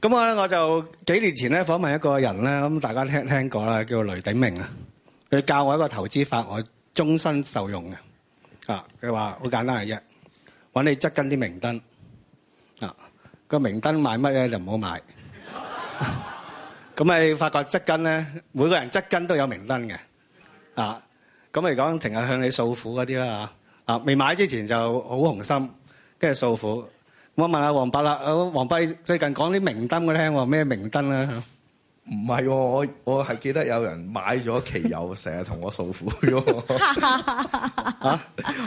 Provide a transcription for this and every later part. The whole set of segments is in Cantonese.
咁我咧我就幾年前咧訪問一個人咧，咁大家聽聽過啦，叫雷鼎鳴啊，佢教我一個投資法，我終身受用嘅。啊，佢話好簡單嘅，一揾你側近啲明燈啊，個明燈買乜咧就唔好買。咁咪發覺側近咧，每個人側近都有明燈嘅。啊，咁咪講成日向你訴苦嗰啲啦啊，啊未買之前就好紅心，跟住訴苦。我問下黃伯啦，阿黃伯最近講啲明燈我聽，咩明燈啊？唔係、哦、我我係記得有人買咗奇友，成日同我訴苦嘅 、啊。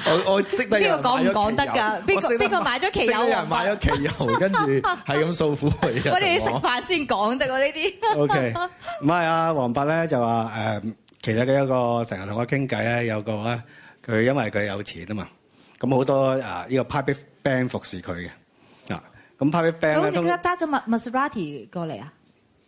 我我識得。邊個講講得噶？邊個邊個買咗奇友？有人買咗奇友，跟住係咁訴苦。我哋食飯先講得呢啲。O K，唔係啊，黃伯咧，就話誒，其實佢有一個成日同我傾偈咧，有個咧，佢因為佢有錢啊嘛，咁好多啊呢、這個 private bank 服侍佢嘅。咁 private bank 咧都、er，嗰時佢揸咗 m 麥斯拉提過嚟啊！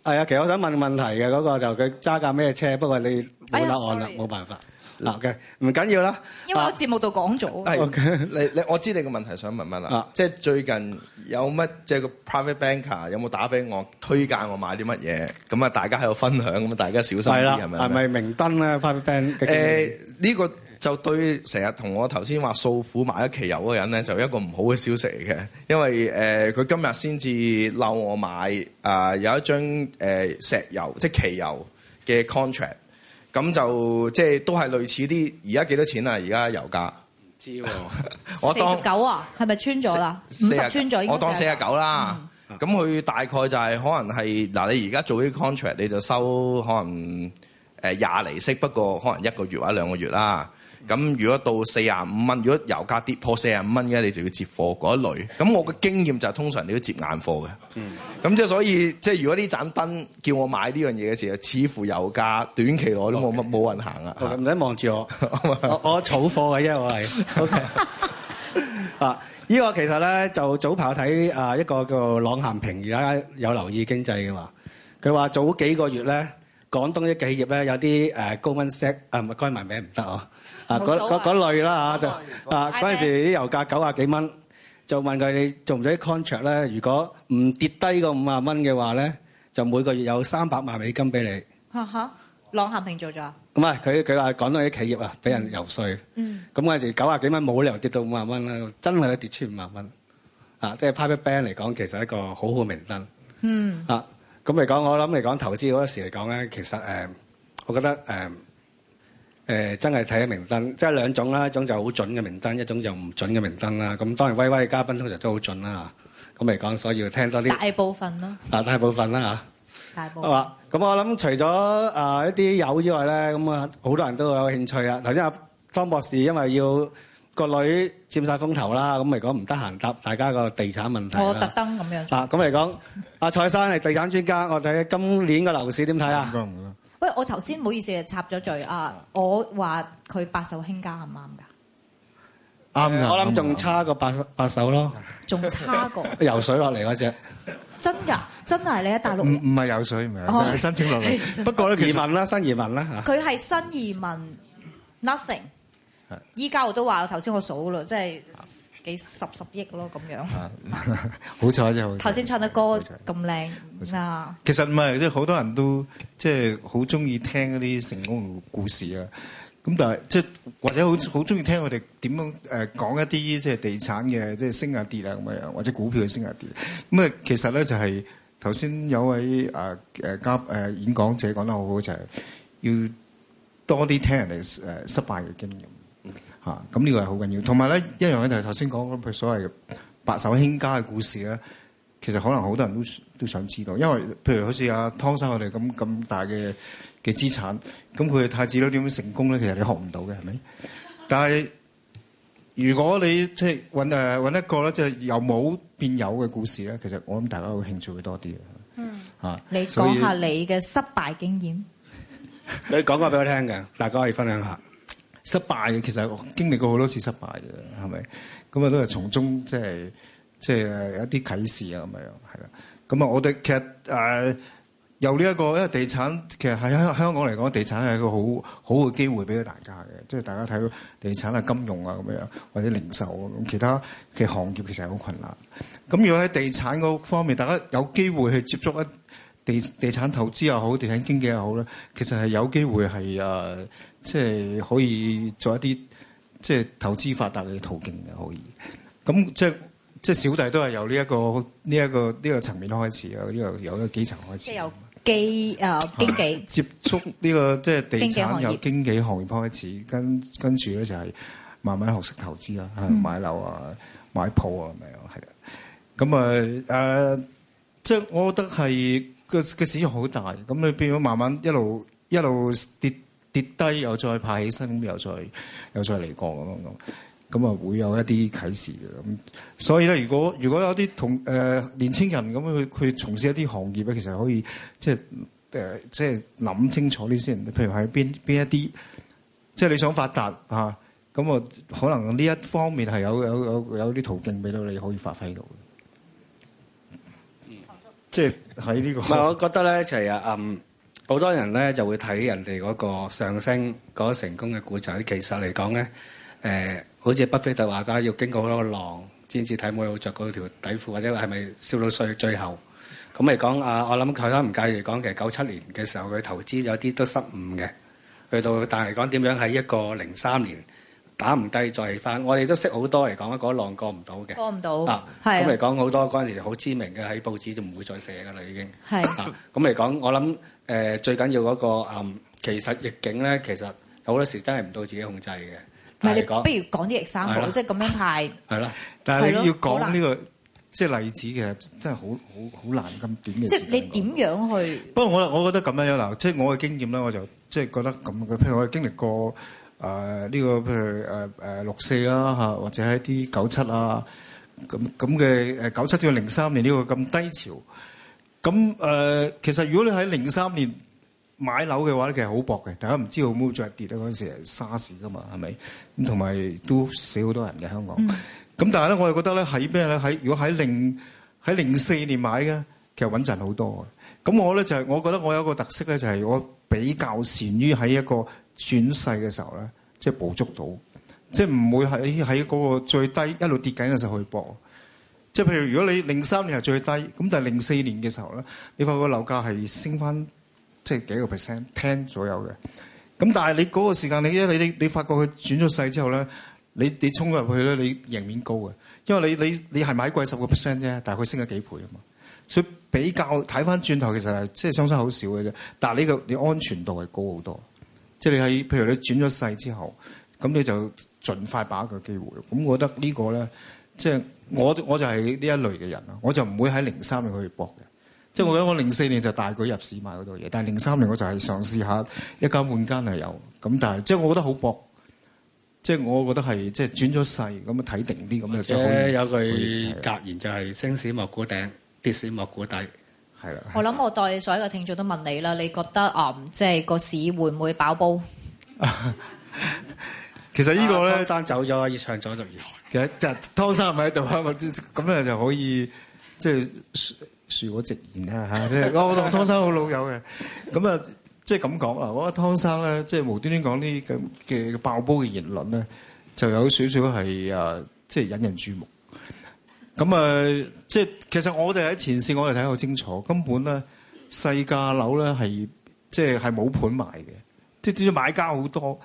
係啊，其實我想問問題嘅嗰、嗰個就佢揸架咩車？不過你冇答案啦，冇、哎、辦法。嗱嘅，唔緊要啦。因為我節目度講咗。你你、啊、Okay. 我知你個問題想問乜啦？啊、即係最近有乜即係個 private banker 有冇打俾我，推介我買啲乜嘢？咁啊，大家喺度分享，咁啊，大家小心啲，係咪了？係咪明燈咧？private bank 嘅經驗呢、這個。就對，成日同我頭先話訴苦買咗期油嘅人咧，就是、一個唔好嘅消息嚟嘅，因為誒佢、呃、今日先至鬧我買啊、呃、有一張誒、呃、石油即係期油嘅 contract，咁、嗯、就即係、就是、都係類似啲而家幾多少錢啊？而家油價唔知喎，四,四十九啊？係咪穿咗啦？唔係穿咗，我當四十九啦。咁佢、嗯、大概就係可能係嗱、呃，你而家做呢個 contract 你就收可能誒廿厘息，不過可能一個月或者兩個月啦。咁如果到四十五蚊，如果油價跌破四十五蚊嘅，你就要接貨嗰一類。咁我嘅經驗就係、是、通常你都接硬貨嘅。咁即係所以，即、就、係、是、如果呢盞燈叫我買呢樣嘢嘅時候，似乎油價短期內都冇乜冇人行啊。唔使望住我，我我炒貨嘅，因為我係。啊，依、這個其實咧就早排睇啊一個叫郎咸平，而家有留意經濟嘅嘛。佢話早幾個月咧，廣東啲企業咧有啲誒、呃、高溫石啊，唔該埋名唔得哦。啊！嗰嗰嗰類啦嚇就啊！嗰陣時啲油價九啊幾蚊，就問佢你做唔做 contract 咧？如果唔跌低個五啊蚊嘅話咧，就每個月有三百萬美金俾你。嚇嚇，郎咸平做咗？唔係佢佢話講到啲企業啊，俾人遊説。嗯。咁嗰陣時九啊幾蚊冇理由跌到五啊蚊啦，真係跌出五萬蚊。啊，即係 private band 嚟講，其實係一個好好名單。嗯。啊，咁嚟講，我諗嚟講投資嗰時嚟講咧，其實誒，我覺得誒。誒真係睇下明燈，即係兩種啦，一種就好準嘅明燈，一種就唔準嘅明燈啦。咁當然威威嘅嘉賓通常都好準啦。咁嚟講，所以要聽多啲，大部分咯。啊，大部分啦嚇。大部分。咁我諗除咗啊一啲友之外咧，咁啊好多人都有興趣啊。頭先阿方博士因為要個女佔曬風頭啦，咁嚟講唔得閒答大家個地產問題。我特登咁樣。啊，咁嚟講，阿蔡生係地產專家，我哋今年嘅樓市點睇啊？唔該。我頭先唔好意思啊，插咗嘴啊，嗯、我話佢白手興家啱唔啱㗎？啱的我諗仲差過八八手咯，仲差過 游水落嚟嗰隻，真㗎，真係你喺大陸唔唔係游水嚟，申請落嚟，不過咧移民啦，新，他是新移民啦嚇，佢係新移民，nothing，依家是我都話頭先我數咯，即係。幾十十億咯咁樣， 運 好彩就頭先唱嘅歌咁靚啊！其實唔係，即係好多人都即係好中意聽嗰啲成功的故事啊。咁但係即係或者好好中意聽我哋點樣誒、呃、講一啲即係地產嘅即係升啊跌啊咁樣，或者股票嘅升啊跌。咁啊，其實咧就係頭先有位誒誒嘉誒演講者講得好好，就係、是、要多啲聽人哋誒、呃、失敗嘅經驗。啊，咁呢個係好緊要，同埋咧一樣嘅就係頭先講佢個所謂白手興家嘅故事咧，其實可能好多人都都想知道，因為譬如好似阿湯生我哋咁咁大嘅嘅資產，咁佢嘅太子咧點樣成功咧，其實你學唔到嘅係咪？但係如果你即係揾一個咧，即係由冇變有嘅故事咧，其實我諗大家會興趣會多啲，嗯，以你講下你嘅失敗經驗， 你講過俾我聽嘅，大家可以分享下。失敗嘅其實我經歷過好多次失敗嘅，係咪？咁啊都係從中即係即係有一啲啟示啊咁樣，係啦。咁啊，我哋其實誒、呃、由呢、這、一個因為地產其實喺香香港嚟講，地產係一個好好嘅機會俾到大家嘅，即、就、係、是、大家睇到地產啊、金融啊咁樣，或者零售啊咁其他嘅行業其實係好困難。咁如果喺地產嗰方面，大家有機會去接觸一地地產投資又好，地產經紀又好咧，其實係有機會係誒。啊即係可以做一啲即係投資發達嘅途徑嘅可以，咁即係即係小弟都係由呢、這、一個呢一、這個呢、這個層面開始啊，呢個由一個基層開始。即係由經啊經紀啊接觸呢、這個即係、就是、地產，經由經紀行業開始，跟跟住咧就係慢慢學識投資啊，是嗯、買樓啊，買鋪啊，咁樣係啊。咁啊誒，即、就、係、是、我覺得係個個市場好大，咁你變咗慢慢一路一路跌。跌低又再爬起身，又再又再嚟過咁樣咁，咁啊會有一啲啟示嘅咁。所以咧，如果如果有啲同、呃、年青人咁樣去去從事一啲行業咧，其實可以即係即係諗清楚啲先。譬如喺邊邊一啲，即係你想發達嚇，咁啊那可能呢一方面係有有有有啲途徑俾到你可以發揮到嘅。嗯，即係喺呢個、嗯。我覺得咧就係啊嗯。Um, 好多人咧就會睇人哋嗰個上升、嗰個成功嘅故仔。其實嚟講咧，誒，好似巴菲特就話齋，要經過好多個浪先至睇冇有著嗰條底褲，或者係咪笑到碎最後。咁嚟講啊，我諗台山唔介意講，其實九七年嘅時候佢投資有啲都失誤嘅，去到但係講點樣喺一個零三年打唔低再翻。我哋都識好多嚟講啊，嗰浪過唔到嘅。過唔到啊，係咁嚟講好多嗰陣時好知名嘅喺報紙就唔會再寫㗎啦，已經係啊，咁嚟講我諗。誒、呃、最緊要嗰個其實逆境咧，其實好多時真係唔到自己控制嘅。唔係你講，你不如講啲逆三角，即係咁樣派，係啦。但係你要講呢、這個即係難例子，其實真係好好好難咁短嘅時間即係你點樣去？不過我我覺得咁樣樣嗱，即、就、係、是、我嘅經驗咧，我就即係覺得咁嘅，譬如我經歷過誒呢、呃這個譬如誒誒、呃、六四啦、啊、嚇，或者係啲九七啊咁咁嘅誒九七到零三年呢個咁低潮。咁誒、呃，其實如果你喺零三年買樓嘅話咧，其實好薄嘅，大家唔知道冇再跌啊嗰陣時，SARS 噶嘛，係咪？咁同埋都死好多人嘅香港。咁、嗯、但係咧，我就覺得咧，喺咩咧？喺如果喺零喺零四年買嘅，其實穩陣好多嘅。咁我咧就係、是、我覺得我有一個特色咧，就係、是、我比較善於喺一個轉勢嘅時候咧，即、就、係、是、捕捉到，嗯、即係唔會喺喺嗰個最低一路跌緊嘅時候去搏。即係譬如如果你零三年係最低，咁但係零四年嘅時候咧，你發覺樓價係升翻即係幾個 percent ten 左右嘅。咁但係你嗰個時間，你一你你你發覺佢轉咗勢之後咧，你你衝入去咧，你贏面高嘅，因為你你你係買貴十個 percent 啫，但係佢升咗幾倍啊嘛。所以比較睇翻轉頭，其實係即係相差好少嘅啫。但係呢個你安全度係高好多，即係你喺譬如你轉咗勢之後，咁你就盡快把握個機會。咁我覺得這個呢個咧，即係。我我就係呢一類嘅人咯，我就唔會喺零三年去搏嘅，即係、嗯、我覺得我零四年就大舉入市買嗰度嘢，但係零三年我就係嘗試一下一間半間係有咁，但係即係我覺得好搏，即、就、係、是、我覺得係即係轉咗勢咁啊，睇定啲咁啊。即係有句格言就係升市莫估頂，跌市莫估底，係啦、啊。啊、我諗我代所有嘅聽眾都問你啦，你覺得啊，即係個市會唔會爆煲？ 其實個呢個咧，啊、湯生走咗，而唱咗就完。其實即係湯生唔喺度啦，咁 樣就可以即係、就是、恕我直言啦嚇。我同湯生好老友嘅，咁啊即係咁講啊。我覺得湯生咧即係無端端講啲咁嘅爆煲嘅言論咧，就有少少係即係引人注目。咁啊，即、就、係、是、其實我哋喺前線，我哋睇得好清楚，根本咧細價樓咧係即係係冇盤賣嘅，即、就、係、是、買家好多。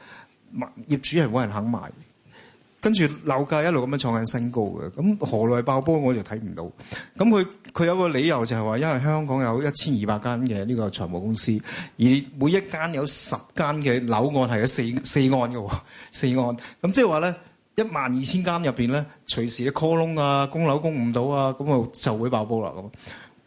賣業主係冇人肯賣，跟住樓價一路咁樣創緊新高嘅，咁何來爆波？我就睇唔到。咁佢佢有個理由就係話，因為香港有一千二百間嘅呢個財務公司，而每一間有十間嘅樓按係有四四按嘅喎，四按。咁即係話咧，一萬二千間入邊咧，隨時一 call loan 啊，供樓供唔到啊，咁就就會爆波啦。咁，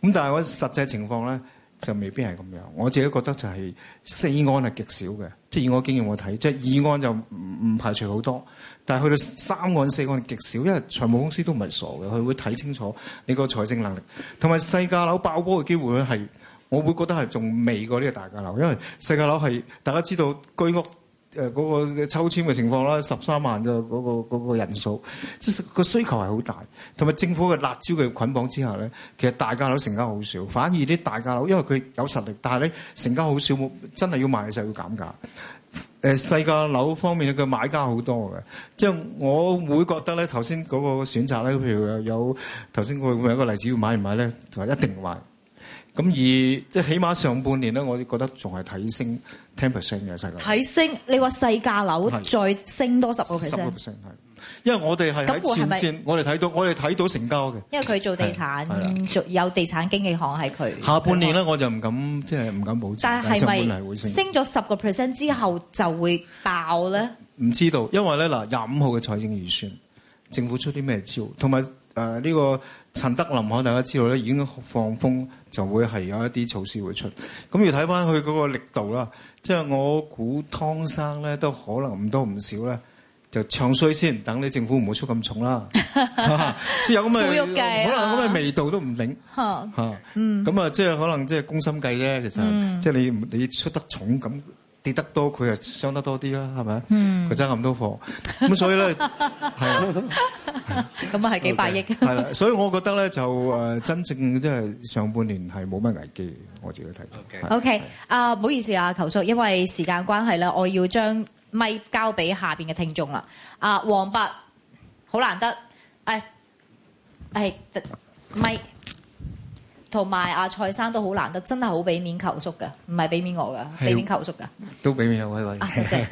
咁但係我實際情況咧。就未必係咁樣，我自己覺得就係四按係極少嘅，即係以我經驗我睇，即係二按就唔唔排除好多，但係去到三按四按極少，因為財務公司都唔係傻嘅，佢會睇清楚你個財政能力，同埋細價樓爆波嘅機會是，佢係我會覺得係仲未過呢個大價樓，因為細價樓係大家知道居屋，誒嗰個抽籤嘅情況啦，十三萬嘅嗰個嗰個人數，即係個需求係好大，同埋政府嘅辣椒嘅捆綁之下咧，其實大價樓成交好少，反而啲大價樓因為佢有實力，但係咧成交好少，真係要賣嘅時候要減價。誒細價樓方面佢買家好多嘅，即係我會覺得咧頭先嗰個選擇咧，譬如有頭先會有一個例子要買唔買咧，就係一定買。咁而即起碼上半年咧，我哋覺得仲係睇升 ten percent 嘅世界睇升，你話細價樓再升多十個 percent。因為我哋係喺前線，會會我哋睇到，我哋睇到成交嘅。因為佢做地產，做有地產經紀行係佢。下半年咧，我就唔敢即係唔敢保證。但係咪升咗十個 percent 之後就會爆咧？唔知道，因為咧嗱，廿五號嘅財政預算，政府出啲咩招，同埋誒呢個陳德林，我大家知道咧，已經放風。就會係有一啲措施會出，咁要睇翻佢嗰個力度啦。即、就、係、是、我估湯生咧都可能唔多唔少咧，就唱衰先，等你政府唔好出咁重啦。 即係有咁嘅、啊、可能，咁嘅味道都唔定。嚇嚇，嗯，咁啊，即係可能即係攻心計啫，其實，即係你你出得重咁。 跌得多佢啊，傷得多啲啦，係咪啊？佢揸咁多貨，咁所以咧，係啊，咁啊係幾百億。係啦，所以我覺得咧就誒真正即係上半年係冇乜危機，我自己睇。OK OK 啊，唔好意思啊，求叔，因為時間關係咧，我要將咪交俾下邊嘅聽眾啦。啊，黃伯，好難得，誒誒咪。同埋阿蔡生都好難得，真係好俾面求叔噶，唔係俾面我噶，俾是面求叔噶。都俾面我，各位 來！啊，多謝。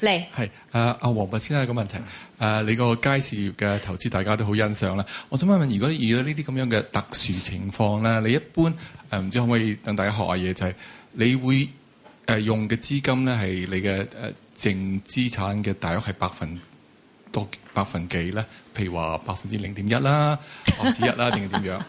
嚟。係啊，阿王弼先生有個問題。誒、啊，你個街市業嘅投資大家都好欣賞啦。我想問問，如果遇到呢啲咁樣嘅特殊情況咧，你一般誒唔、啊、知道可唔可以等大家學一下嘢，就係、是、你會誒用嘅資金咧，係你嘅誒淨資產嘅大約係百分多百分幾咧？譬如話百分之零點一啦，百分之一啦，定係點樣？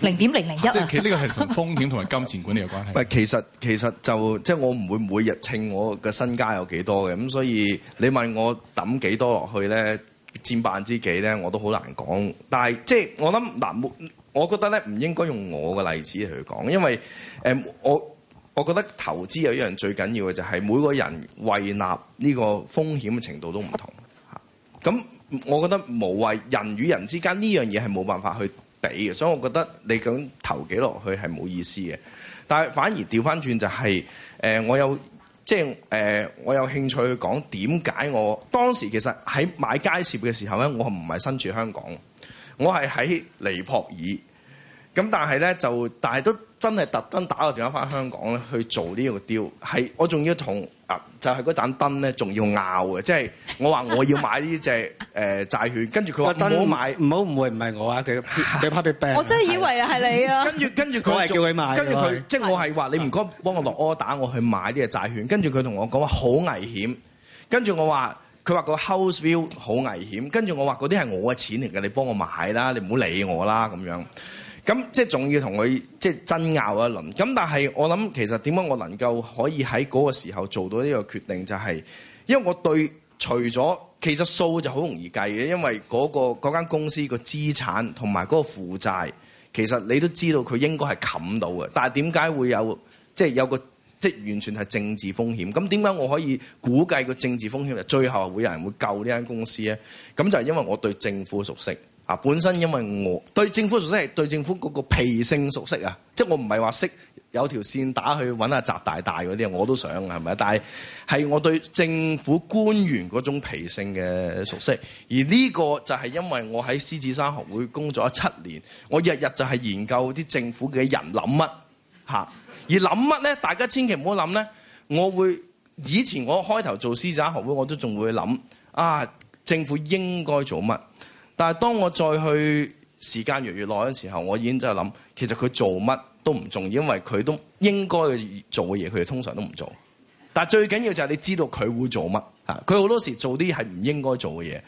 零點零零一，即係佢呢個係同風險同埋金錢管理有關係的。唔係，其實其實就即係、就是、我唔會每日稱我嘅身家有幾多嘅，咁所以你問我抌幾多落去咧，佔百分之幾咧，我都好難講。但係即係我諗嗱，我覺得咧唔應該用我嘅例子去講，因為誒、嗯、我我覺得投資有一樣最緊要嘅就係每個人為納呢個風險嘅程度都唔同嚇。咁我覺得無謂人與人之間呢樣嘢係冇辦法去。俾，所以我覺得你咁投幾落去係冇意思嘅。但係反而掉返轉就係、是，誒、呃，我有即係誒，我有興趣去講點解我當時其實喺買街設嘅時候咧，我唔係身處香港，我係喺尼泊爾。咁但係咧就，但係都。真係特登打個電話翻香港咧去做呢個雕，係我仲要同啊，就係、是、嗰盞燈咧，仲要拗嘅，即係我話我要買呢隻即係誒債券，跟住佢話唔好買，唔好唔會唔係我啊，佢佢怕俾病。我真係以為係你啊！跟住跟住佢係叫佢買，跟住佢即係我係話你唔該幫我落 order 打我去買呢嘅債券，跟住佢同我講話好危險，跟住我話佢話個 house view 好危險，跟住我話嗰啲係我嘅錢嚟嘅，你幫我買啦，你唔好理我啦咁樣。咁即係仲要同佢即係爭拗一輪，咁但係我諗其實點解我能夠可以喺嗰個時候做到呢個決定，就係因為我對除咗其實數就好容易計嘅，因為嗰、嗰個嗰間公司個資產同埋嗰個負債，其實你都知道佢應該係冚到嘅。但係點解會有即係、就是、有個即係、就是、完全係政治風險，咁點解我可以估計個政治風險，就最後會有人會救呢間公司咧？咁就係因為我對政府熟悉。啊！本身因為我對政府熟悉係對政府嗰個脾性熟悉啊，即係我唔係話識有條線打去揾阿習大大嗰啲啊，我都想啊，係咪？但係係我對政府官員嗰種脾性嘅熟悉，而呢個就係因為我喺獅子山學會工作咗七年，我日日就係研究啲政府嘅人諗乜、啊、而諗乜咧？大家千祈唔好諗咧，我會以前我開頭做獅子山學會，我都仲會諗啊，政府應該做乜？但係當我再去時間越來越耐嘅時候，我已經真係諗，其實佢做乜都唔重要，因為佢都應該做嘅嘢，佢哋通常都唔做。但係最緊要就係你知道佢會做乜嚇，佢好多時做啲係唔應該做嘅嘢。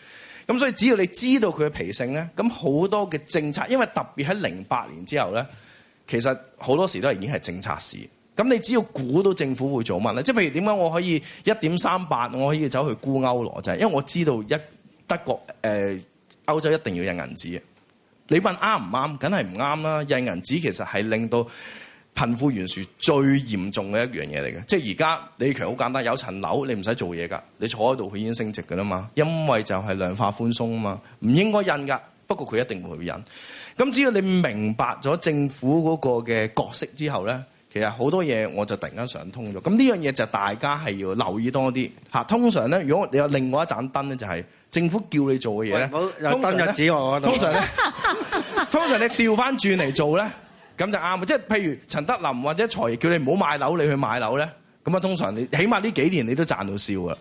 咁所以只要你知道佢嘅脾性咧，咁好多嘅政策，因為特別喺零八年之後咧，其實好多時都係已經係政策市。咁你只要估到政府會做乜咧，即係譬如點解我可以一點三八，我可以走去沽歐羅就係、是，因為我知道一德國誒。呃歐洲一定要印銀紙，你問啱唔啱？梗係唔啱啦！印銀紙其實係令到貧富懸殊最嚴重嘅一樣嘢嚟嘅。即係而家你其實好簡單，有層樓你唔使做嘢㗎，你坐喺度佢已經升值㗎啦嘛。因為就係量化寬鬆啊嘛，唔應該印㗎。不過佢一定會去印。咁只要你明白咗政府嗰個嘅角色之後咧，其實好多嘢我就突然間想通咗。咁呢樣嘢就大家係要留意多啲嚇。通常咧，如果你有另外一盞燈咧，就係。政府叫你做嘅嘢咧，通常咧，通常你調翻轉嚟做咧，咁就啱啊！即係譬如陳德霖或者財爺叫你唔好買樓，你去買樓咧，咁啊通常你起碼呢幾年你都賺到笑啊！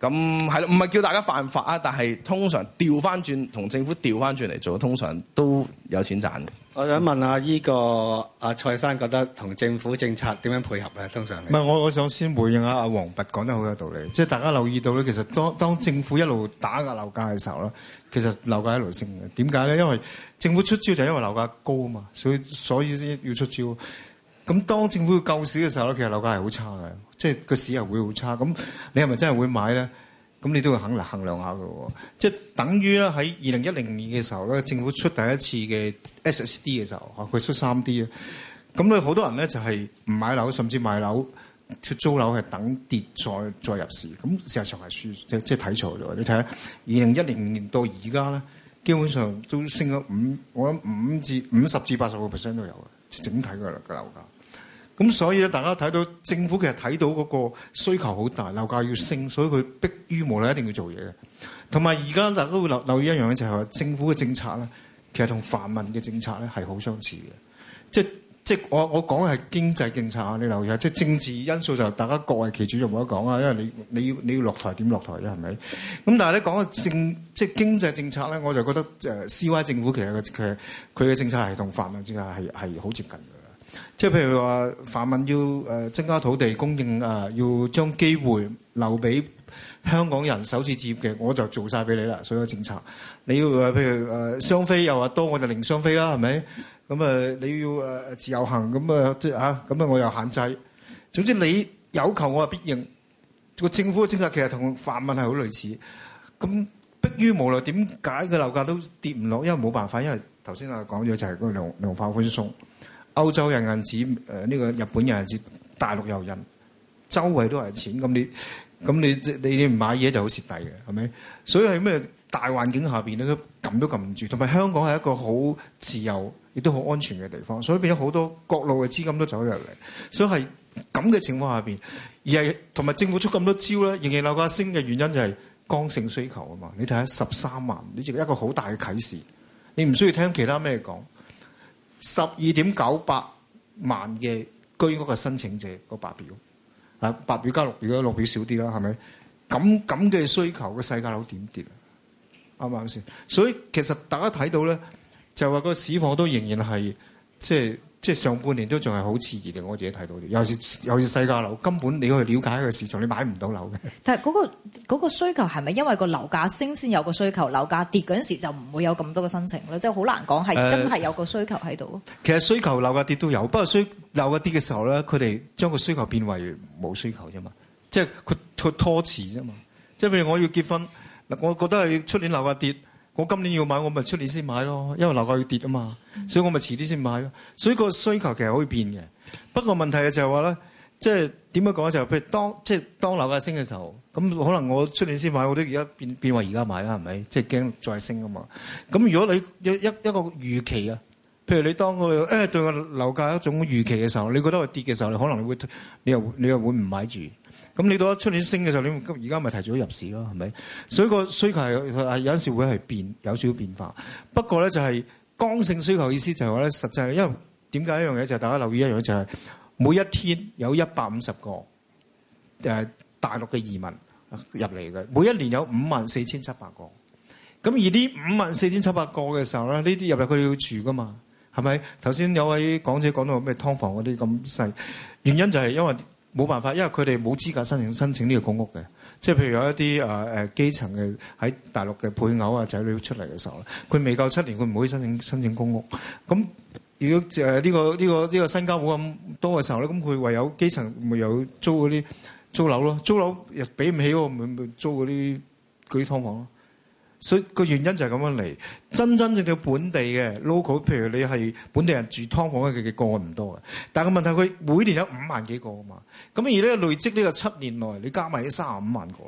咁係咯，唔係叫大家犯法啊，但係通常調翻轉，同政府調翻轉嚟做，通常都有錢賺嘅。我想問下呢個阿蔡生，覺得同政府政策點樣配合咧？通常唔係我我想先回應下阿王弼講得好有道理，即係大家留意到咧，其實當，當政府一路打壓樓價嘅時候咧，其實樓價一路升嘅。點解咧？因為政府出招就係因為樓價高啊嘛，所以所以要出招。咁當政府救市嘅時候咧，其實樓價係好差嘅，即係個市又會好差。咁你係咪真係會買咧？咁你都會肯衡量下嘅喎。即係等於咧喺二零一零年嘅時候咧，政府出第一次嘅 S S D 嘅時候，佢出三 D 嘅。咁咧好多人咧就係唔買樓，甚至賣樓、出租樓係等跌再再入市。咁事實上係輸，即係即係睇錯咗。你睇下二零一零年到而家咧，基本上都升咗五，我諗五至五十至八十個 percent 都有嘅，整體嘅樓價。咁、嗯、所以咧，大家睇到政府其實睇到嗰個需求好大，樓價要升，所以佢逼於無奈一定要做嘢嘅。同埋而家大家會留留意一樣嘢就係、話、政府嘅政策咧，其實同泛民嘅政策咧係好相似嘅。即即我我講嘅係經濟政策啊，你留意一下。即政治因素就是、大家各為其主就冇得講啊，因為你你要你要落台點落台啫，係咪？咁但係咧講個政即經濟政策咧，我就覺得即 C Y 政府其實佢佢嘅政策係同泛民之下係係好接近嘅。即係譬如話泛民要誒增加土地供應啊，要將機會留俾香港人首次置業嘅，我就做晒俾你啦。所有政策你要誒，譬如誒雙非又話多，我就零雙非啦，係咪？咁啊你要誒、啊、自由行咁啊吓咁啊我又限制。總之你有求我啊必應。個政府嘅政策其實同泛民係好類似。咁迫於無奈，點解個樓價都跌唔落？因為冇辦法，因為頭先啊講咗就係、是、個量量化寬鬆。歐洲人銀紙，誒呢個日本人銀紙，大陸遊人，周圍都係錢，咁你咁你你你唔買嘢就好蝕底嘅，係咪？所以係咩大環境下邊咧，撳都撳唔住，同埋香港係一個好自由，亦都好安全嘅地方，所以變咗好多各路嘅資金都走咗入嚟，所以係咁嘅情況下邊，而係同埋政府出咁多招咧，仍然樓價升嘅原因就係剛性需求啊嘛。你睇下十三萬，呢就一個好大嘅啟示，你唔需要聽其他咩講。十二點九八萬嘅居屋嘅申請者、個白表，啊白表加綠表，綠表少啲啦，係咪？咁咁嘅需求嘅世界樓點跌？啱唔啱先？所以其實大家睇到咧，就話、是、個市況都仍然係即係。即係上半年都仲係好刺激嘅，我自己睇到啲。尤其是尤其是世界樓，根本你要去了解一個市場，你買唔到樓嘅。但係嗰個嗰個需求係咪因為個樓價升先有個需求？樓價跌嗰陣時就唔會有咁多嘅申請咯，即係好難講係真係有個需求喺度、呃。其實需求樓價跌都有，不過需樓價跌嘅時候咧，佢哋將個需求變為冇需求啫嘛，即係佢拖拖遲啫嘛。即係譬如我要結婚，嗱，我覺得係出年樓價跌。我今年要買，我咪出年先買咯，因為樓價要跌啊嘛，所以我咪遲啲先買咯。所以個需求其實可以變嘅。不過問題就係話咧，即係點樣講就係，譬如當即係當樓價升嘅時候，咁可能我出年先買，我都而家變變為而家買啦，係咪？即係驚再升啊嘛。咁如果你一一一個預期啊，譬如你當我誒對個樓價一種預期嘅時候，你覺得佢跌嘅時候，你可能你會你又你又會唔買住。咁你到咗出年升嘅時候，你而家咪提早入市咯，係咪？所以個需求係有陣時會係變有少少變化。不過咧就係、是、剛性需求意思就係話咧，實際因為點解一樣嘢就是、大家留意一樣就係、是、每一天有一百五十個大陸嘅移民入嚟嘅，每一年有五萬四千七百個。咁而呢五萬四千七百個嘅時候咧，呢啲入嚟佢哋要住噶嘛？係咪？頭先有位講者講到咩劏房嗰啲咁細，原因就係因為。冇辦法，因為佢哋冇資格申請申請呢個公屋嘅。即係譬如有一啲、呃呃、基層嘅喺大陸嘅配偶啊仔女出嚟嘅時候咧，佢未夠七年，佢唔可以申請申請公屋。咁如果誒呢、呃這個新加坡咁多嘅時候咧，咁佢唯有基層唯有租嗰啲租樓咯，租樓又俾唔起喎，咪租嗰啲嗰啲劏房所以個原因就係咁樣嚟，真真正正本地嘅 local，譬如你係本地人住劏房嘅嘅個案唔多嘅，但係個問題佢每年有五萬幾個啊嘛，咁而呢累積呢個七年內，你加埋三十五萬個，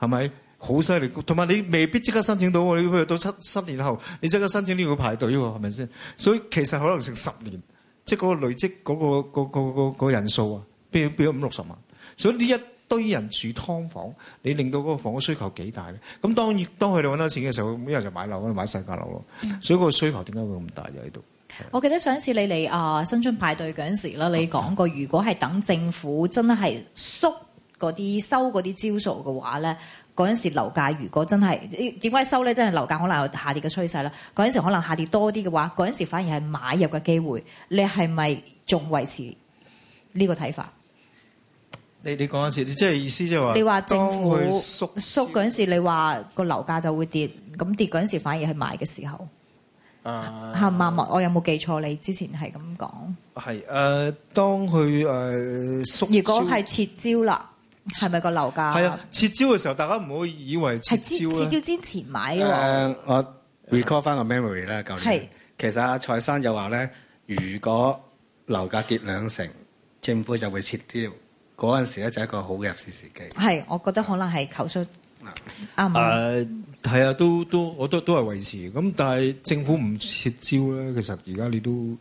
係咪好犀利？同埋你未必即刻申請到喎，你去到七七年後，你即刻申請呢要排隊喎，係咪先？所以其實可能成十年，即係嗰個累積嗰、嗰個、嗰個、嗰個嗰個人數啊，變變咗五六十萬，所以呢一堆人住劏房，你令到嗰個房屋需求幾大咧？咁當當佢哋揾到錢嘅時候，每日就買樓，咁就買細價樓咯。所以嗰個需求點解會咁大就喺度。我記得上一次你嚟啊、呃、新春派對嗰陣時啦，你講過如果係等政府真係縮嗰啲收嗰啲招數嘅話咧，嗰陣時樓價如果真係點解收咧，真係樓價可能有下跌嘅趨勢咧。嗰陣時可能下跌多啲嘅話，嗰陣時反而係買入嘅機會。你係咪仲維持呢個睇法？你你講嗰陣時，你即係、就是、意思即係話，當政府當縮嗰陣時，你話個樓價就會跌，咁跌嗰陣時反而係買嘅時候，係嘛、uh,？我有冇記錯？你之前係咁講。係誒、啊，當佢誒、呃、縮。如果係撤招啦，係咪切個樓價？係啊，撤招嘅時候，大家唔好以為撤招。撤招之前買喎。Uh, 我 recall 翻個 memory 咧，舊年係其實阿蔡生就話咧，如果樓價跌兩成，政府就會撤招。嗰陣時咧就係一個好嘅入市時機，係，我覺得可能係求縮啱啊，係、嗯、啊，啊，都都我都都係維持，咁但係政府唔撤招咧，其實而家你都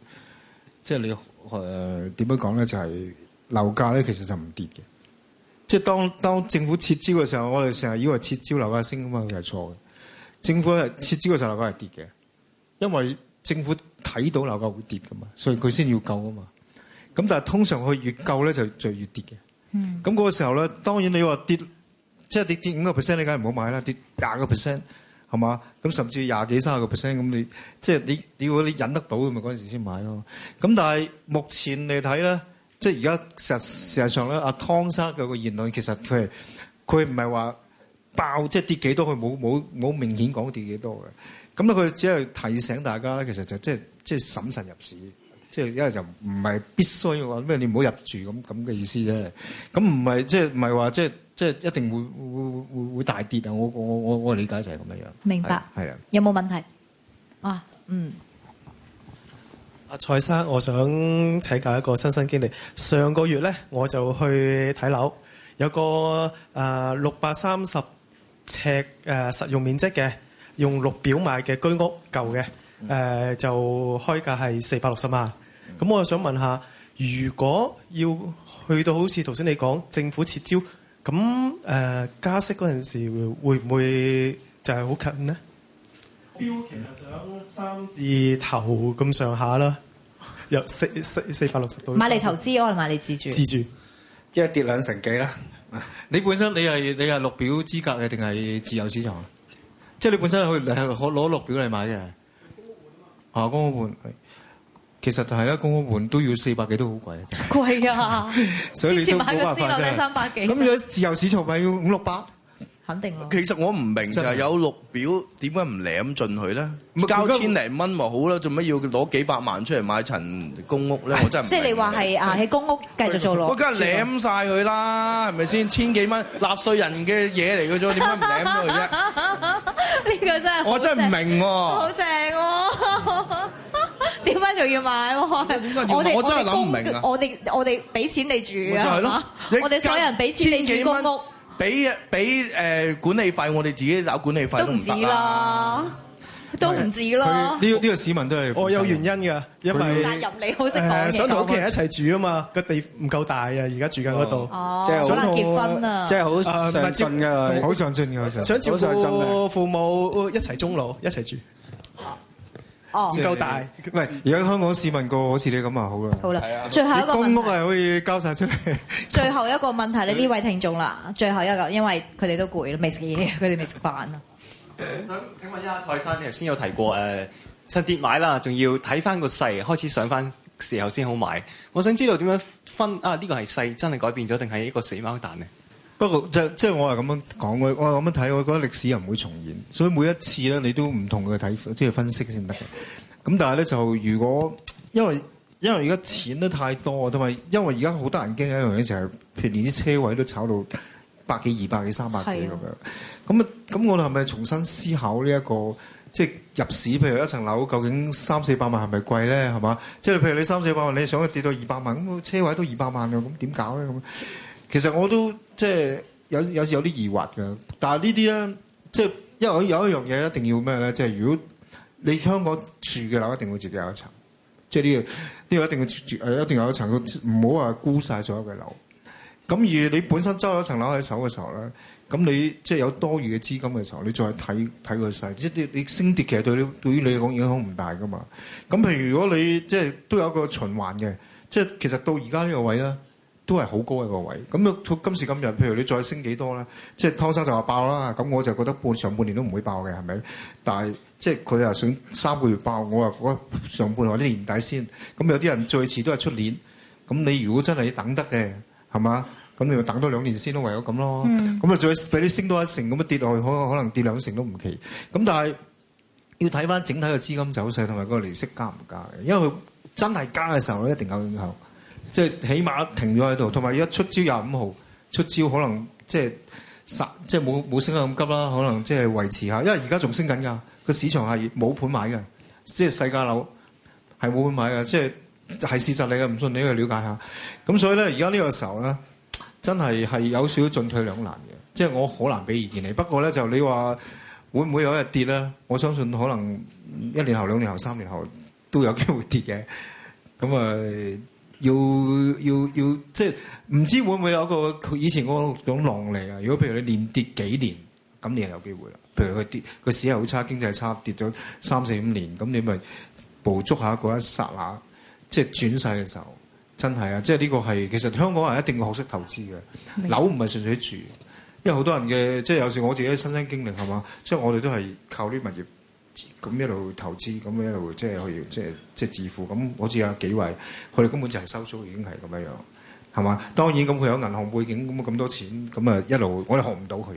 即係你誒點樣講咧，就係、是呃就是、樓價咧其實不的就唔跌嘅，即係當當政府撤招嘅時候，我哋成日以為撤招樓價升啊嘛，佢係錯嘅，政府係撤招嘅時候樓價係跌嘅，因為政府睇到樓價會跌㗎嘛，所以佢先要救啊嘛，咁但係通常佢越救咧就就越跌嘅。咁嗰、嗯、個時候咧，當然你話跌，即、就、係、是、跌跌五個 percent，你梗係唔好買啦。跌廿個 percent 係嘛？咁甚至廿幾、三十個 percent，咁你即係、就是、你你要你忍得到嘅咪嗰陣時先買咯。咁但係目前嚟睇咧，即係而家實事實上咧，阿湯沙嘅個言論其實佢佢唔係話爆，即、就、係、是、跌幾多佢冇冇冇明顯講跌幾多嘅。咁咧佢只係提醒大家咧，其實就即係即係審慎入市。即係因為就唔係必須話咩，你唔好入住咁咁嘅意思啫。咁唔係即係唔係話即係即係一定會會會會大跌啊！我我我我理解就係咁樣樣。明白。係啊。有冇問題？啊，嗯。阿蔡生，我想請教一個親身經歷。上個月咧，我就去睇樓，有個誒六百三十尺誒實用面積嘅，用綠表買嘅居屋，舊嘅。誒、嗯呃、就開價係四百六十萬。咁、嗯、我又想問下，如果要去到好似頭先你講政府撤招，咁誒、呃、加息嗰陣時，會唔會就係好近呢？標其實想三字頭咁上下啦，有四四四百六十到。買嚟投資，我係買嚟自住。自住即係跌兩成幾啦。 你本身你係你綠表資格嘅定係自由市場啊？即係 你本身去係可攞綠表嚟買嘅。啊，公屋盤，其實就係啦，公屋盤都要四百幾都好貴啊，貴啊！之前買個私樓都三百幾，咁如果自由市場咪要五六百？肯定咯。其實我唔明就係有綠表點解唔舐進去咧？交千零蚊咪好啦，做乜要攞幾百萬出嚟買層公屋咧？我真係唔明。即係你話係啊，喺公屋繼續做咯。我梗係舐曬佢啦，係咪先？千幾蚊，納稅人嘅嘢嚟嘅啫，點解唔舐佢啫？呢個真係我真係唔明喎。好正喎，點解仲要買喎？我真係諗唔明啊！我哋我哋俾錢你住啊！我哋所有人俾錢你住公屋。俾啊，俾誒管理費，我哋自己搞管理費都唔止啦，都唔止咯。呢個呢個市民都係我有原因嘅，因為想同屋企人一齊住啊嘛，個地唔夠大啊，而家住緊嗰度。哦，好難結婚啊！即係好上進噶，好上進噶，想照顧父母一齊終老，一齊住。哦，oh, 夠大，唔係而家香港市民個好似你咁啊，好啦。好啦，最後一個問題，公屋係可以交晒出嚟。最後一個問題， 你呢位聽眾啦，最後一個，因為佢哋都攰啦，未食嘢，佢哋未食飯啦。誒、 呃，想請問一下蔡生，你頭先有提過誒、呃，新跌買啦，仲要睇翻個勢，開始上翻時候先好買。我想知道點樣分啊？呢、這個係勢真係改變咗，定係一個死貓蛋呢？不過就即係我係咁樣講，我我係咁樣睇，我覺得歷史又唔會重現，所以每一次咧你都唔同嘅睇，即係分析先得嘅。咁但係咧就如果因為因為而家錢都太多，同埋因為而家好多人驚嘅一樣嘢就係，譬如連啲車位都炒到百幾、二百幾、三百幾咁樣。咁啊咁，我哋係咪重新思考呢一個即係入市？譬如一層樓究竟三四百萬係咪貴咧？係嘛？即係譬如你三四百萬，你想佢跌到二百萬，咁車位都二百萬咁點搞咧咁？其實我都即係有有時有啲疑惑嘅，但係呢啲咧，即係因為有一樣嘢一定要咩咧？即係如果你香港住嘅樓一定會自己有一層，即係呢、這個呢、這個一定要住住，誒一定有一層，唔好話估晒所有嘅樓。咁而你本身揸咗層樓喺手嘅時候咧，咁你即係有多餘嘅資金嘅時候，你再睇睇個市，即係你升跌其實對你對於你嚟講影響唔大噶嘛。咁譬如如果你即係都有一個循環嘅，即係其實到而家呢個位咧。都係好高嘅個位，咁啊今時今日，譬如你再升幾多咧，即係湯生就話爆啦，咁我就覺得半上半年都唔會爆嘅，係咪？但係即係佢又想三個月爆，我話嗰上半年或者年底先。咁有啲人最遲都係出年，咁你如果真係要等得嘅，係嘛？咁你咪等多兩年先咯，為咗咁咯。咁啊、嗯，再俾你升多一成，咁啊跌落去，可可能跌兩成都唔奇。咁但係要睇翻整體嘅資金走勢同埋個利息加唔加嘅，因為佢真係加嘅時候一定有影響。即係起碼停咗喺度，同埋一出招廿五號出招可、即係即係冇冇升，可能即係殺，即係冇冇升得咁急啦。可能即係維持下，因為而家仲升緊㗎，個市場係冇盤買嘅，即係細價樓係冇盤買嘅，即係係事實嚟嘅。唔信你可以了解下。咁所以咧，而家呢個時候咧，真係係有少少進退兩難嘅。即係我好難俾意見你，不過咧就你話會唔會有一日跌咧？我相信可能一年後、兩年後、三年後都有機會跌嘅。咁啊～、呃要要要，即係唔知會唔會有一個以前嗰種浪嚟啊？如果譬如你連跌幾年，咁你係有機會啦。譬如佢跌，個市係好差，經濟差，跌咗三四五年，咁你咪捕捉下嗰一剎那，即係轉勢嘅時候，真係啊！即係呢個係其實香港人一定要學識投資嘅樓，唔係純粹住，因為好多人嘅即係有時我自己親身經歷係嘛，即係我哋都係靠啲物業。咁一路投資，咁一路即係去，即係即係自負。咁好似有幾位，佢哋根本就係收租，已經係咁樣樣，係嘛？當然咁佢有銀行背景，咁咁多錢，咁啊一路，我哋學唔到佢。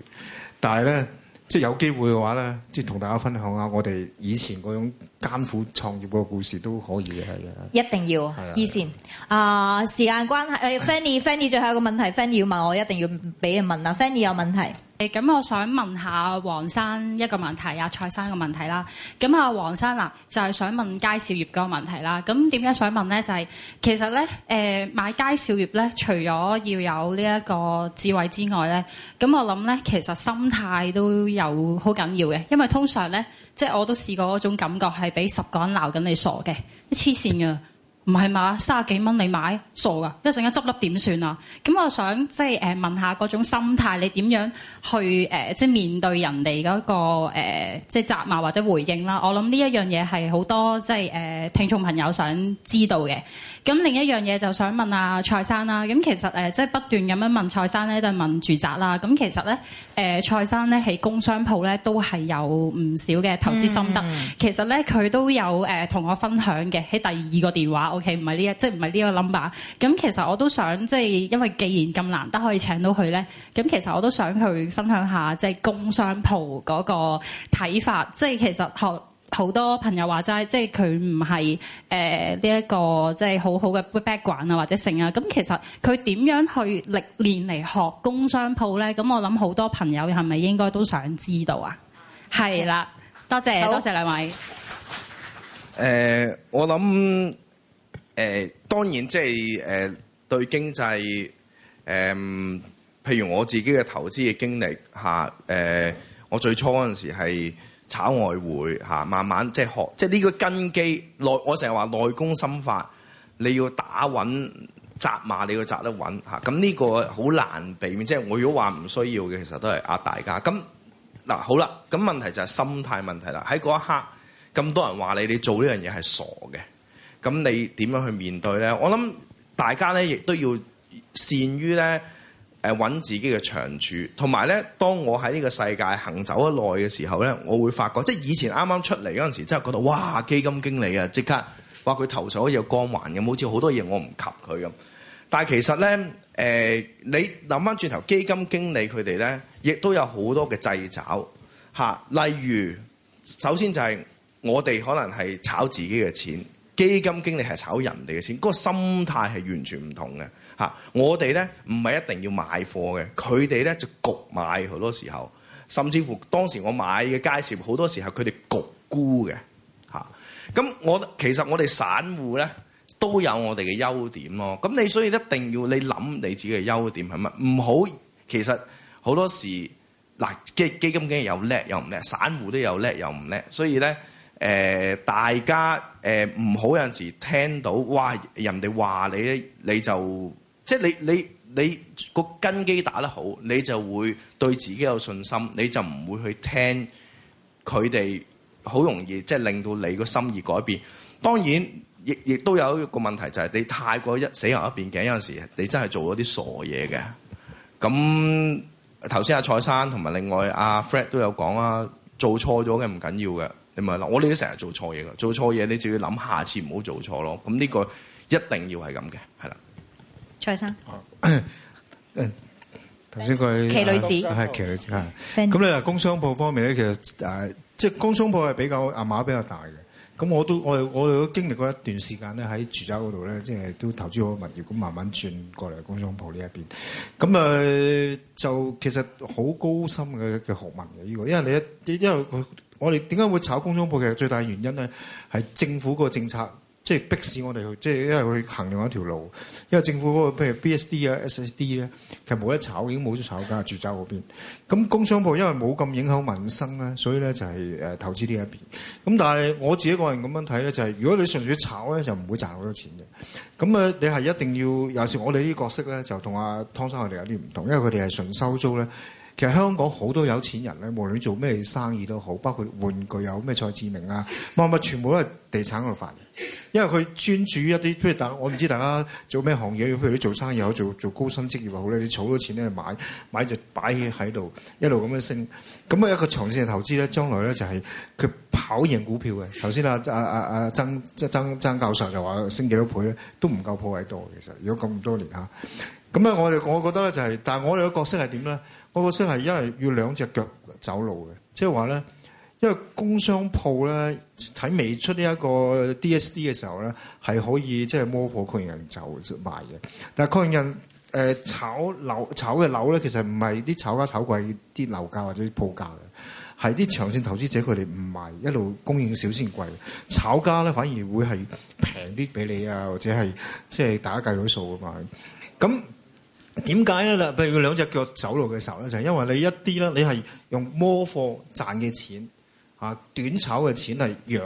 但係咧，即係有機會嘅話咧，即係同大家分享下我哋以前嗰種。艱苦創業個故事都可以嘅，係嘅。一定要以前啊！時間關係，誒、呃、Fanny，Fanny 最後一個問題，Fanny 要問我，一定要俾人問啦。Fanny 有問題，誒咁、呃、我想問一下王生一個問題啊，蔡生個問題啦。咁啊，王、啊、生嗱、啊、就係、是、想問佳兆業個問題啦。咁點解想問咧？就係、是、其實咧，誒、呃、買佳兆業咧，除咗要有呢一個智慧之外咧，咁我諗咧，其實心態都有好緊要嘅，因為通常咧。即係我都試過嗰種感覺，係俾十個人鬧緊你傻嘅，你黐線㗎，唔係嘛？三十幾蚊你買，傻噶！呃、一陣間執笠點算啊？咁我想即係誒問下嗰種心態，你點樣去、呃、即係面對人哋嗰、嗰個誒、呃、即係責罵或者回應啦？我諗呢一樣嘢係好多即係誒、呃、聽眾朋友想知道嘅。咁另一樣嘢就想問下蔡生啦、啊，咁其實即係、呃就是、不斷咁樣問蔡生咧，都、就、係、是、問住宅啦。咁其實咧、呃、蔡生咧喺工商鋪咧都係有唔少嘅投資心得。嗯、其實咧佢都有同、呃、我分享嘅喺第二個電話，OK 唔係呢一即係唔係呢個 number。咁、就是、其實我都想即係、就是、因為既然咁難得可以請到佢咧，咁其實我都想佢分享下即係、就是、工商鋪嗰個睇法。即、就、係、是、其實學。好多朋友話齋，即係佢唔係誒呢一個即係好好嘅 background 啊，或者成啊。咁其實佢點樣去歷練嚟學工商鋪咧？咁我諗好多朋友係咪應該都想知道啊？係啦、嗯，多謝，謝好多謝兩位。誒、呃，我諗誒、呃、當然即係誒對經濟誒、呃，譬如我自己嘅投資嘅經歷吓誒、呃，我最初嗰陣時係。炒外匯嚇，慢慢即係學，即係呢個根基我成日話內功心法，你要打穩，紮馬你要紮得穩嚇。咁呢個好難避免，即係我如果話唔需要嘅，其實都係呃大家。咁嗱好啦，咁問題就係心態問題啦。喺嗰一刻咁多人話你，你做呢樣嘢係傻嘅，咁你點樣去面對咧？我諗大家咧亦都要善於咧。誒，揾自己嘅長處，同埋咧，當我喺呢個世界行走一耐嘅時候咧，我會發覺，即係以前啱啱出嚟嗰陣時，真係覺得哇，基金經理啊，即刻話佢頭上有光環咁，好似好多嘢我唔及佢咁。但係其實咧，誒、呃、你諗翻轉頭，基金經理佢哋咧，亦都有好多嘅掣肘吓。例如，首先就係我哋可能係炒自己嘅錢。基金經理係炒人哋嘅錢，嗰、那個心態係完全唔同嘅嚇。我哋咧唔係一定要買貨嘅，佢哋咧就焗買，好多時候，甚至乎當時我買嘅街市好多時候佢哋焗沽嘅嚇。咁、啊、我其實我哋散戶咧都有我哋嘅優點咯。咁你所以一定要你諗你自己嘅優點係乜？唔好其實好多時嗱，基基金經理又叻又唔叻，散戶都有叻又唔叻，所以咧。呃、大家誒唔、呃、好有陣時聽到哇，人哋話你咧，你就即係、就是、你你你個根基打得好，你就會對自己有信心，你就唔會去聽佢哋好容易，即、就、係、是、令到你個心意改變。當然，亦亦都有一個問題就係、是、你太過一死人一邊頸有陣時，你真係做咗啲傻嘢嘅。咁頭、啊、先阿蔡生同埋另外阿、啊、Fred 都有講啦，做錯咗嘅唔緊要嘅。你咪啦！我哋都成日做錯嘢噶，做錯嘢你就要諗下次唔好做錯咯。咁呢個一定要係咁嘅，係啦。蔡生，頭先佢奇女子係奇女子。咁你話工商鋪方面咧，其實誒，即係工商鋪係比較阿馬比較大嘅。咁我都我我哋都經歷過一段時間咧，喺住宅嗰度咧，即係都投資好物業，咁慢慢轉過嚟工商鋪呢一邊。咁誒就其實好高深嘅嘅學問嘅呢個，因為你因為佢。.我哋點解會炒工商鋪，其實最大原因咧，係政府個政策，即係逼使我哋去，即係因為去行另外一條路。因為政府嗰個譬如 B S D 啊、S S D 咧，其實冇得炒，已經冇得炒㗎，住宅嗰邊。咁工商鋪因為冇咁影響民生呢，所以咧就係投資呢一邊。咁但係我自己個人咁樣睇咧，就係如果你純粹炒咧，就唔會賺好多錢嘅。咁啊，你係一定要尤其我哋呢啲角色咧，就同阿湯生佢哋有啲唔同，因為佢哋係純收租咧。其實香港好多有錢人咧，無論做咩生意都好，包括玩具有咩蔡志明啊，乜乜全部都係地產嗰度發嘅。因為佢專注一啲，譬如大，我唔知大家做咩行業，譬如你做生意又好，做做高薪職業又好咧，你儲咗錢咧，買買隻擺喺喺度，一路咁樣升。咁啊一個長線嘅投資咧，將來咧就係佢跑贏股票嘅。頭先啊啊啊啊曾曾曾，曾教授就話升幾多倍咧，都唔夠鋪位多。其實如果咁多年下，咁我哋我覺得咧就係、是，但我哋嘅角色係點咧？我覺得係因為要兩隻腳走路嘅，即係話咧，因為工商鋪咧，喺未出呢一個 DSD 嘅時候咧，係可以即係摸貨確認人走即賣嘅。但係確認人誒、呃、炒樓炒嘅樓咧，其實唔係啲炒家炒貴啲樓價或者啲鋪價嘅，係啲長線投資者佢哋唔賣，一路供應少先貴，炒家咧反而會係平啲俾你啊，或者係即係打計數數啊嘛。咁點解咧？嗱，譬如佢兩隻腳走路嘅時候咧，就係、是、因為你一啲咧，你係用摸貨賺嘅錢啊短炒嘅錢嚟養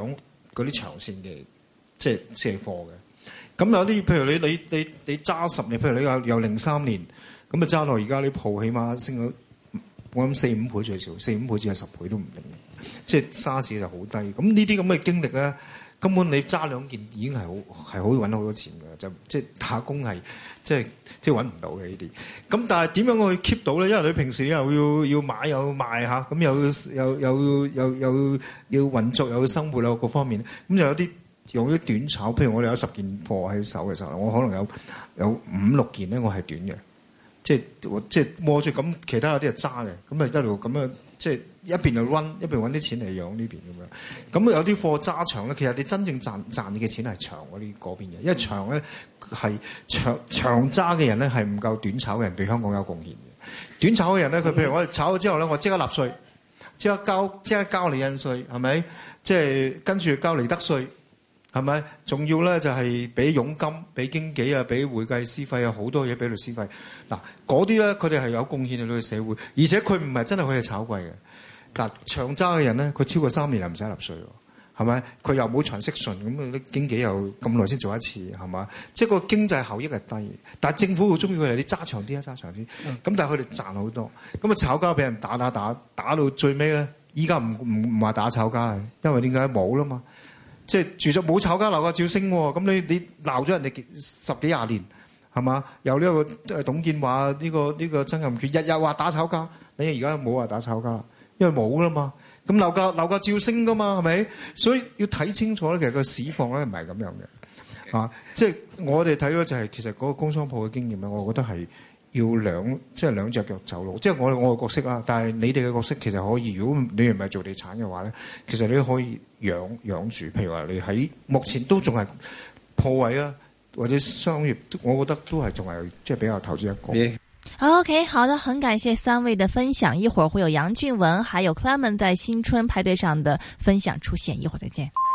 嗰啲長線嘅，即係借貨嘅。咁有啲譬如你你你你揸十年，譬如你有有零三年咁啊，揸落而家啲鋪，起碼升咗我諗四五倍最少，四五倍至係十倍都唔定，嘅。即係沙士就好低。咁呢啲咁嘅經歷咧。根本你揸兩件已經係好係好揾到好多錢㗎，就即係、就是、打工係即係即係揾唔到嘅呢啲。咁但係點樣我去 keep 到咧？因為你平時又要要買又賣嚇，咁又又又又又，又，又，又，又要運作又生活啊各方面，咁就有啲用啲短炒。譬如我哋有十件貨喺手嘅時候，我可能有有五六件咧，我係短嘅，即係即係摸住咁。其他有啲係揸嘅，咁咪一路咁樣～即係一邊去 run，一邊揾啲錢嚟養這邊這樣呢邊咁咁有啲貨揸長咧，其實你真正賺你嘅錢係長嗰啲嗰邊嘅，因為長咧係長長揸嘅人咧係唔夠短炒嘅人對香港有貢獻嘅。短炒嘅人咧，佢譬如我哋炒咗之後咧，我即刻納稅，即刻交即刻交你印花稅係咪？即係跟住交利得稅。係咪？仲要咧就係、是、俾佣金、俾經紀啊、俾會計師費啊，好多嘢俾律師費。嗱，嗰啲咧，佢哋係有貢獻嘅到社會，而且佢唔係真係佢係炒貴嘅。嗱，長揸嘅人咧，佢超過三年稅又唔使納稅，係咪？佢又冇長息存，咁啲經紀又咁耐先做一次，係嘛？即係個經濟效益係低，但係政府好中意佢哋啲揸長啲啊，揸長啲。咁、嗯、但係佢哋賺好多，咁啊炒家俾人打打打打到最尾咧，依家唔唔唔話打炒家啦，因為點解冇啦嘛？即係住咗冇炒家，樓價照升。咁你你鬧咗人哋十幾廿年係嘛？由呢個董建華呢個呢個曾蔭權日日話打炒家，你而家冇話打炒家，因為冇啦嘛。咁樓價樓價照升噶嘛，係咪？所以要睇清楚咧，其實個市況咧唔係咁樣嘅。Okay. 啊，即係我哋睇到就係其實嗰個工商鋪嘅經驗咧，我覺得係。要兩即係兩隻腳走路，即係我我嘅角色啦。但係你哋嘅角色其實可以，如果你唔係做地產嘅話咧，其實你可以養養住。譬如話你喺目前都仲係鋪位啊，或者商業，我覺得都係仲係即係比較投資一個。Okay，好的，很感謝三位嘅分享。一會兒會有楊俊文，還有 c l a m e n 在新春派對上的分享出現。一會兒再見。